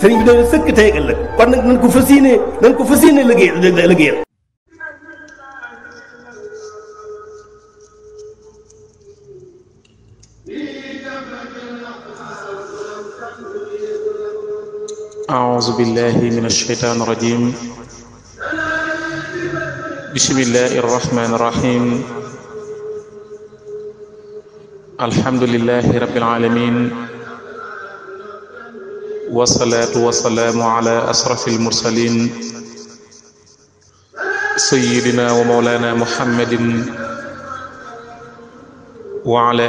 sëriñ bi doon sëkk tey ëllëg kon nag nañ ko fas yéene nañ ko fas yéene liggéey liggéeyal أعوذ بالله من الشيطان الرجيم بسم الله الرحمن الرحيم الحمد لله رب العالمين wasalaatu wasalaamu ala asrafi almursalin sayidina wa maulana muhammadin wa ala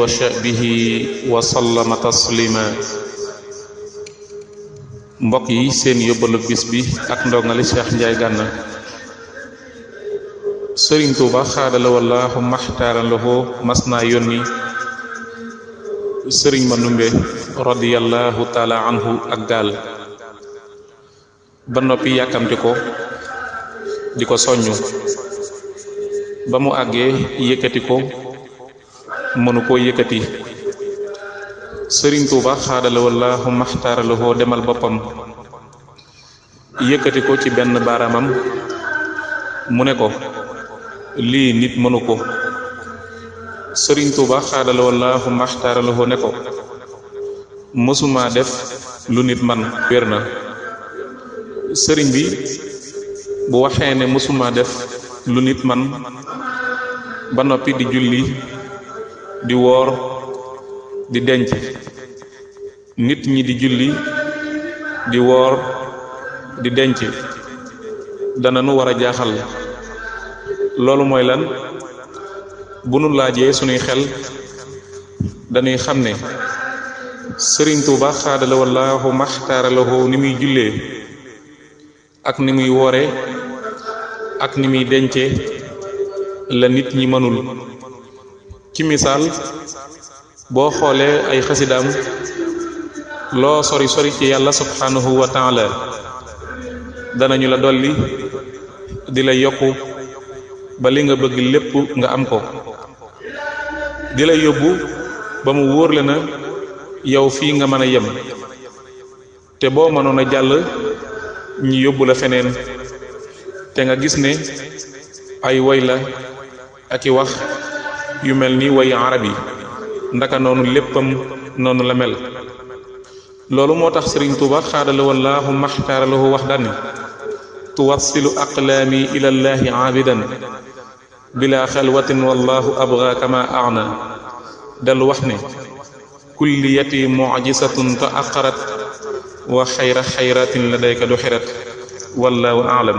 wa sahbihi wa sallama taslima mbokk yi seen yóbbalu bis bi ak ndongali Cheikh Ndiaye Gana Sëriñ Tuuba xaadala wallaahu maxtaaran lahu mas naa yónni sëriñ Mandumbe radiyallahu taala anhu ak gaal ba noppi yàkkamti ko di ko soññu ba mu àggee yëkkati ko mënu koo yëkkati sëriñ Tuuba xaadala wallahu maxtaarala demal boppam yëkkati ko ci benn baaraamam mu ne ko lii nit mënu ko sëriñ Tuuba xaadala wallaahu maxtaaralahu ko mësuma def lu nit man wér na sëriñ bi bu waxee ne mësuma def lu nit man ba noppi di julli di woor di denc nit ñi di julli di woor di denc dana nu war a jaaxal loolu mooy lan bu nu laajee sunuy xel dañuy xam ne sëriñ Tuuba xaadala wallaahu maxtaara lahu ni muy jullee ak ni muy woore ak ni muy dence la nit ñi mënul ci misaal boo xoolee ay xasidaam loo sori sori ci yàlla subhanahu wa taala danañu la dolli di la yokku ba li nga bëgg lépp nga am ko di la yóbbu ba mu wóorle na yow fii nga mën a yem te boo mënoon a jàll ñi yóbbu la feneen te nga gis ne ay woy la ak i wax yu mel ni woy arab yi ndaka noonu léppam noonu la mel loolu moo tax sëriñ tuuba xaadala wallaahu maxtaaralahu wax dani tuwassilu aqlaami ilallaahi aabidan bila xalwatin wallahu abga kama ana dal wax ne kulliyati mujisatun ta aqarat wa xayra xayratin ladayka duxirat wallahu alam